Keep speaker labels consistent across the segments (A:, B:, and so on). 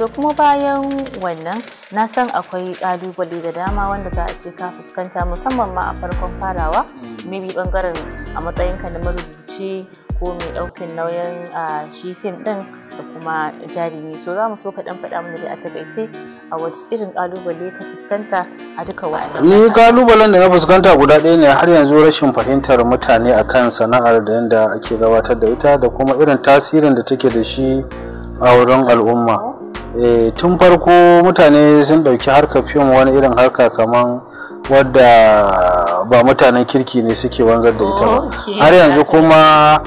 A: so kuma bayan wannan na san akwai kalubale da dama wanda za a ce ka fuskanta musamman ma a farkon farawa mm. maybe bangaren a matsayin ka na marubuci ko mai ɗaukin nauyin shi fim ɗin da kuma jarumi so za mu so ka dan faɗa mana da a takaice a wace irin kalubale ka fuskanta a duka wa'annan
B: ni kalubalen da na fuskanta guda ɗaya ne har yanzu rashin fahimtar mutane akan sana'ar da yadda ake gabatar da ita da kuma irin tasirin da take da shi a wurin al'umma Eh, tun farko mutane sun ɗauki harkar fim wani irin harka kamar wadda ba mutanen kirki ne suke wanzar da ita ba oh, har yanzu kuma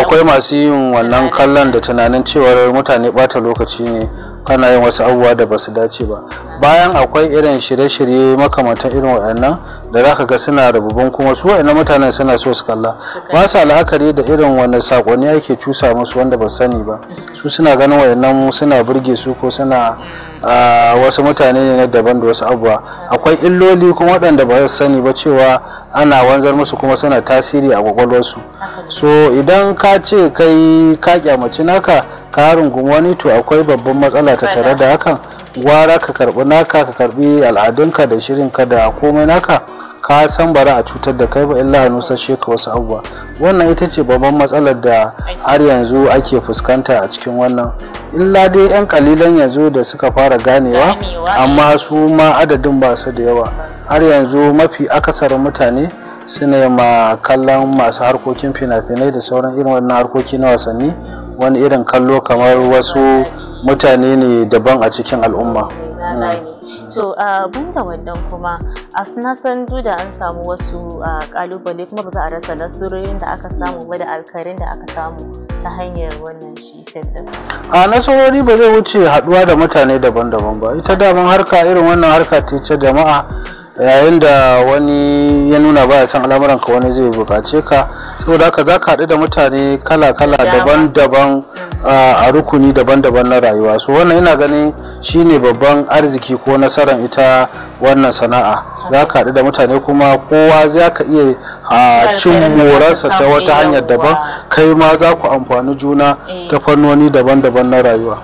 B: akwai masu yin wannan kallon da tunanin cewar mutane ɓata lokaci ne kana yin wasu abubuwa da ba su dace ba bayan akwai irin shirye-shirye makamantan irin waɗannan da za ka ga suna rububin kuma su waɗannan mutanen suna so su kalla ba sa la'akari da irin wani saƙonni ake cusa musu wanda ba sani ba su suna ganin waɗannan suna burge su ko suna mm. wasu mutane ne na daban da wasu abubuwa akwai illoli kuma waɗanda ba su sani ba cewa ana wanzar musu kuma suna tasiri a kwakwalwarsu so idan ka ce kai ka kyamaci naka karin kuma to akwai babban matsala ta tare da hakan gwara ka karbi naka ka karbi al'adunka da shirinka da komai naka ka san bara a cutar da kai ba illa nusa sheka wasu abubuwa wannan ita ce babban matsalar da har yanzu ake fuskanta a cikin wannan illa dai yan kalilan yanzu da suka fara ganewa amma su ma adadin ba su da yawa har yanzu mafi akasarin mutane suna ma kallon masu harkokin fina-finai da sauran irin wannan harkoki na wasanni wani irin kallo kamar wasu mutane ne daban a cikin al'umma
A: mm. to abin da wannan kuma a san da an samu wasu kalubale kuma ba za a rasa nasarorin da aka samu ba da alkarin da aka samu ta hanyar wannan shi
B: a nasarori ba zai wuce haduwa da mutane daban-daban ba ita daman harka irin wannan harka ce jama'a yayin da wani ya nuna ba baya san al'amuranka wani zai bukace ka saboda haka za ka haɗu da mutane kala-kala daban-daban mm. a rukuni daban-daban na rayuwa so wannan ina ganin shine babban arziki ko nasarar ita wannan sana'a za ka haɗu da mutane kuma kowa za ka iya a cin morarsa ta wata hanyar daban kai ma za ku amfani juna eh. ta fannoni daban-daban na rayuwa